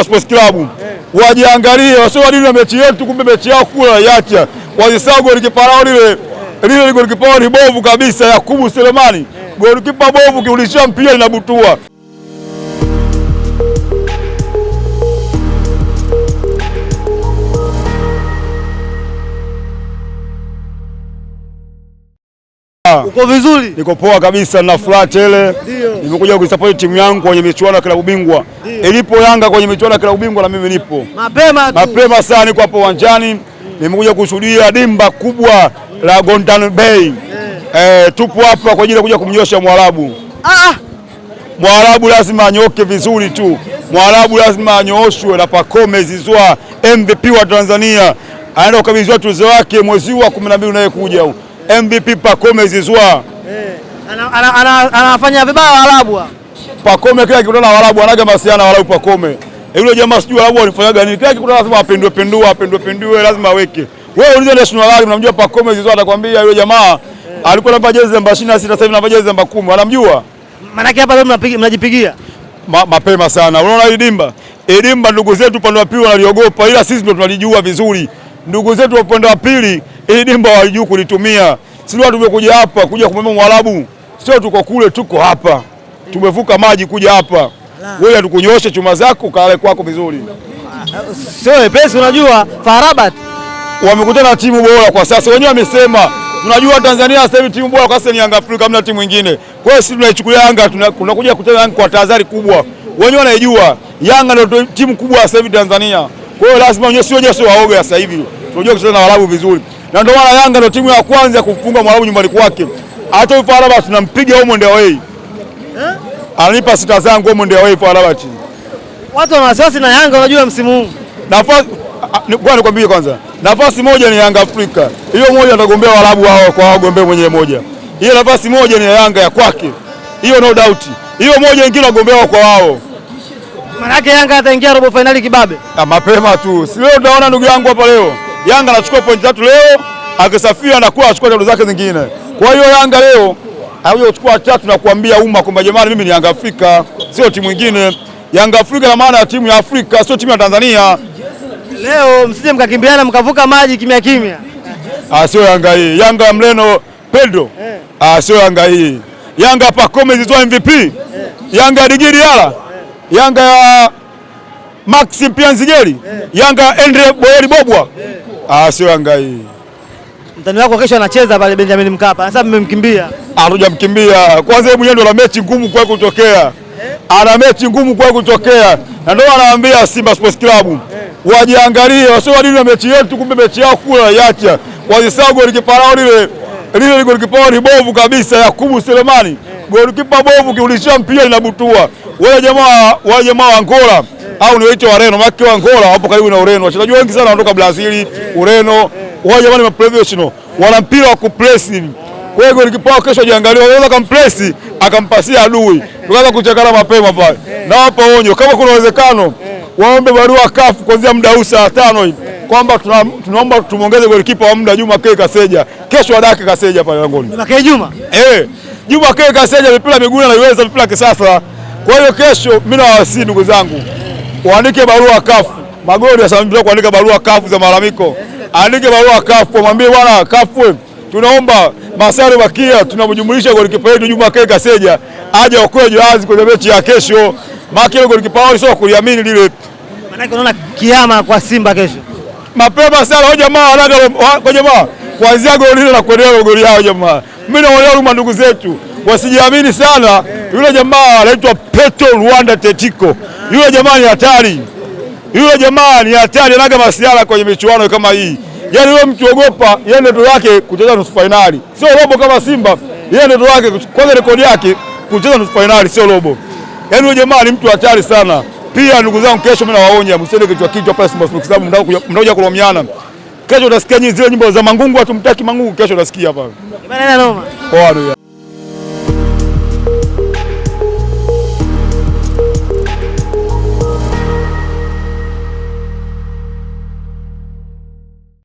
Sports Club wajiangalie, wasiwadili na mechi yetu, kumbe mechi yao kula yacha wazisahau golikipa lao lile lile, golikipa ni bovu kabisa, Yakubu Selemani, golikipa bovu, kiulishia mpira inabutua. Uko vizuri? Niko poa kabisa na furaha tele. Nimekuja kuisupport timu yangu kwenye michuano ya klabu bingwa. Ilipo Yanga kwenye michuano ya klabu bingwa na mimi nipo. Mapema tu. Mapema sana niko hapo uwanjani. Nimekuja kushuhudia dimba kubwa la Gondan Bay. Eh, eh tupo hapa kwa ajili ya kuja kumnyosha Mwarabu. Ah, ah! Mwarabu lazima anyoke vizuri tu. Mwarabu lazima anyooshwe na Pacome Zouzoua MVP wa Tanzania. Anaenda kukabidhiwa tuzo yake mwezi wa 12 unayekuja huu. MVP Pacome Zizwa eh, anafanya vibaya Waarabu. Pakome kila kikutana na Waarabu anaga masiana Waarabu Pakome. Eh, yule jamaa sijui Waarabu walifanyaga nini? Kila kikutana lazima apindue pendua, apindue pendue lazima aweke. Wewe ulize national lag unamjua Pakome Zizwa atakwambia yule jamaa eh. alikuwa anavaa jezi namba 26 sasa hivi anavaa jezi namba 10. Anamjua? Maana yake hapa leo mnajipigia mapema sana. Unaona hii dimba? Dimba ndugu zetu upande wa pili wanaliogopa ila sisi ndio tunalijua vizuri. Ndugu zetu upande wa pili ili dimba hawajui kulitumia. Sisi watu tumekuja hapa kuja kumwona Mwarabu, sio tuko kule, tuko hapa. Tumevuka maji kuja hapa. Wewe hatukunyoosha chuma zako kale kwako vizuri. Sio wepesi, unajua Farabat wamekutana na timu bora kwa sasa. Wenyewe wamesema Unajua Tanzania sasa hivi timu bora kwa sasa ni Yanga Afrika, hamna timu nyingine. Kwa hiyo sisi tunaichukulia Yanga, tunakuja kutana Yanga kwa tahadhari kubwa. Wenyewe wanaijua Yanga ndio timu kubwa sasa hivi Tanzania. Kwa hiyo lazima wenyewe, sio wenyewe, sio waoga sasa hivi. Tunajua kucheza na Waarabu vizuri na ndio maana Yanga ndio timu ya kwanza kufunga Mwarabu nyumbani kwake. Hata huyu Faraba tunampiga huko ndio wewe. Eh? Ananipa sita zangu huko ndio wewe Faraba. Watu wana wasiwasi na Yanga unajua msimu huu. Nafasi kwa ah, nikwambie kwanza. Nafasi moja ni Yanga Afrika. Hiyo moja atagombea Waarabu wao kwa wagombea mwenyewe moja. Hiyo nafasi moja ni Yanga ya kwake. Hiyo no doubt. Hiyo moja nyingine wagombea wao kwa wao. Maana yake Yanga ataingia robo finali kibabe. Ah, mapema tu. Si leo tunaona ndugu yangu hapa leo. Yanga anachukua pointi tatu leo, akisafiri anakuwa achukua tatu zake zingine. Kwa hiyo Yanga leo hayo tatu na kuambia umma kwamba jamani, mimi ni Yanga Afrika, sio timu nyingine. Yanga Afrika na maana ya timu ya Afrika, sio timu ya Tanzania. Leo msije mkakimbiana mkavuka maji kimya kimya. Ah, sio Yanga hii. Yanga mleno Pedro. Eh. Ah, sio Yanga hii. Yanga hapa Gomez zitoa MVP. Eh. Yanga digiri yala. Eh. Yanga ya Maxi Mpianzigeli. Yanga Andre Boyeri Bobwa. Ah, sio Yanga hii. Mtani wako kesho anacheza pale Benjamin Mkapa. Sasa mmemkimbia. Ah, hatujamkimbia. Kwanza yeye mwenyewe ndo ana mechi ngumu kwa kutokea. Ana mechi ngumu kwa kutokea. Na ndio anawaambia Simba Sports Club wajiangalie, wasiwadili na mechi yetu, kumbe mechi yao kula yacha. Wazisahau golikipa lao lile. Lile ni ni bovu kabisa Yakubu Selemani. kipa bovu kiulishia mpira inabutua. Wale jamaa wale jamaa wa Angola au niwaite Wareno, maana kwa Angola wapo karibu na Ureno, wachezaji wengi sana wanatoka Brazil, Ureno wao jamani, ma professional wana mpira wa kupresi. Kwa hiyo nikipoa kesho jiangalie, anaweza kumpress akampasia adui, tukaanza kuchakana mapema pale. Na hapo onyo, kama kuna uwezekano waombe barua kafu kuanzia muda huu saa tano hivi kwamba tunaomba tumongeze goalkeeper wa muda Juma K Kaseja, kesho adake Kaseja pale langoni. Juma K Juma eh, Juma K Kaseja mipira miguuni anaiweza mipira kisasa. Kwa hiyo kesho mimi nawawasii ndugu zangu uandike barua kafu Magori asamia kuandika barua kafu za malalamiko, andike barua kafu, mwambie bwana kafu, tunaomba Masare Bakia tunamjumuisha golikipa wetu Juma Kei Kaseja aje okoe Jahazi kwenye mechi ya kesho. Maki ile golikipa wao sio kuliamini lile, maana unaona kiama kwa Simba kesho mapema sana. Hao oh, jamaa wanaga kwa jamaa kuanzia goli hilo na kuendelea goli yao jamaa, mimi naona huruma ndugu zetu wasijiamini sana. Yule jamaa anaitwa Petro Rwanda Tetiko, yule jamaa ni hatari, yule jamaa ni hatari, anaga masiara kwenye michuano kama hii. Yaani wewe mkiogopa, yeye ndoto yake kucheza nusu fainali, sio robo kama Simba. Yeye ndoto yake kwanza, rekodi yake kucheza nusu fainali, sio robo. Yaani yule jamaa ni mtu hatari sana. Pia ndugu zangu, kesho mimi nawaonya msiende kichwa kichwa pale Simba Sports Club, mnaoja kulomiana Kesho utasikia nyinyi zile nyimbo za Mangungu, atumtaki Mangungu, kesho utasikia hapa. Bana noma. Poa ndio.